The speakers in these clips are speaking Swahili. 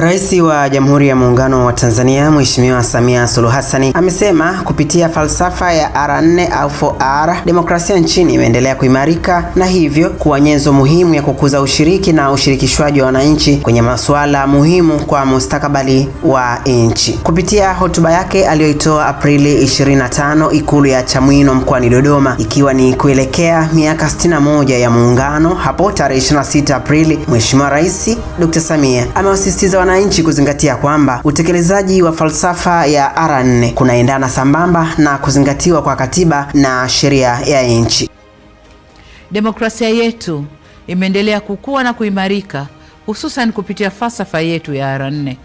Rais wa Jamhuri ya Muungano wa Tanzania Mheshimiwa Samia Suluhu Hassan amesema kupitia falsafa ya R4 au 4R demokrasia nchini imeendelea kuimarika na hivyo kuwa nyenzo muhimu ya kukuza ushiriki na ushirikishwaji wa wananchi kwenye masuala muhimu kwa mustakabali wa nchi. Kupitia hotuba yake aliyoitoa Aprili 25 Ikulu ya Chamwino mkoani Dodoma, ikiwa ni kuelekea miaka 61 ya Muungano, hapo tarehe 26 Aprili, Mheshimiwa Rais Dr. Samia amewasisitiza wananchi kuzingatia kwamba utekelezaji wa falsafa ya R4 kunaendana sambamba na kuzingatiwa kwa katiba na sheria ya nchi. Demokrasia yetu imeendelea kukua na kuimarika hususan kupitia falsafa yetu ya R4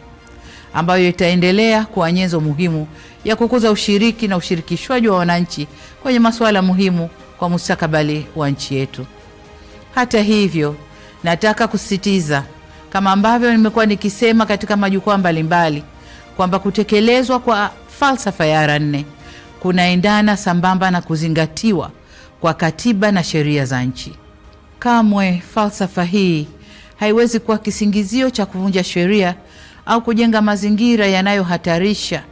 ambayo itaendelea kuwa nyenzo muhimu ya kukuza ushiriki na ushirikishwaji wa wananchi kwenye masuala muhimu kwa mustakabali wa nchi yetu. Hata hivyo, nataka kusisitiza kama ambavyo nimekuwa nikisema katika majukwaa mbalimbali kwamba kutekelezwa kwa falsafa ya R nne kunaendana sambamba na kuzingatiwa kwa katiba na sheria za nchi. Kamwe falsafa hii haiwezi kuwa kisingizio cha kuvunja sheria au kujenga mazingira yanayohatarisha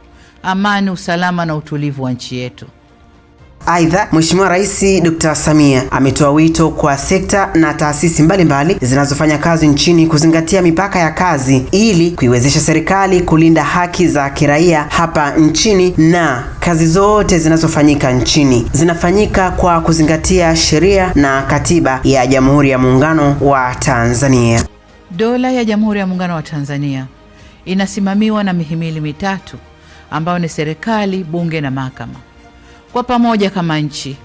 amani, usalama na utulivu wa nchi yetu. Aidha, Mheshimiwa Rais Dr. Samia ametoa wito kwa sekta na taasisi mbalimbali zinazofanya kazi nchini kuzingatia mipaka ya kazi ili kuiwezesha serikali kulinda haki za kiraia hapa nchini na kazi zote zinazofanyika nchini zinafanyika kwa kuzingatia sheria na katiba ya Jamhuri ya Muungano wa Tanzania. Dola ya Jamhuri ya Muungano wa Tanzania inasimamiwa na mihimili mitatu ambayo ni serikali, bunge na mahakama. Kwa pamoja kama nchi,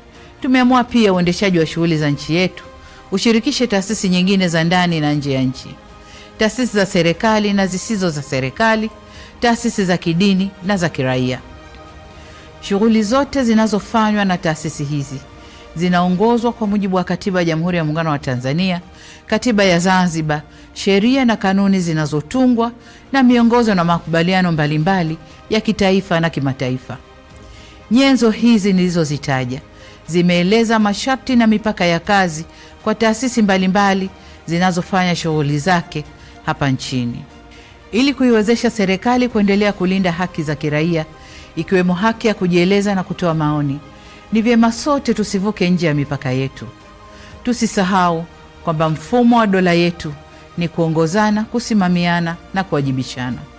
tumeamua pia uendeshaji wa shughuli za nchi yetu ushirikishe taasisi nyingine za ndani na nje ya nchi, taasisi za serikali na zisizo za serikali, taasisi za kidini na za kiraia. Shughuli zote zinazofanywa na taasisi hizi zinaongozwa kwa mujibu wa Katiba ya Jamhuri ya Muungano wa Tanzania, Katiba ya Zanzibar, sheria na kanuni zinazotungwa na miongozo na makubaliano mbalimbali ya kitaifa na kimataifa. Nyenzo hizi nilizozitaja zimeeleza masharti na mipaka ya kazi kwa taasisi mbalimbali zinazofanya shughuli zake hapa nchini ili kuiwezesha serikali kuendelea kulinda haki za kiraia ikiwemo haki ya kujieleza na kutoa maoni. Ni vyema sote tusivuke nje ya mipaka yetu. Tusisahau kwamba mfumo wa dola yetu ni kuongozana, kusimamiana na kuwajibishana.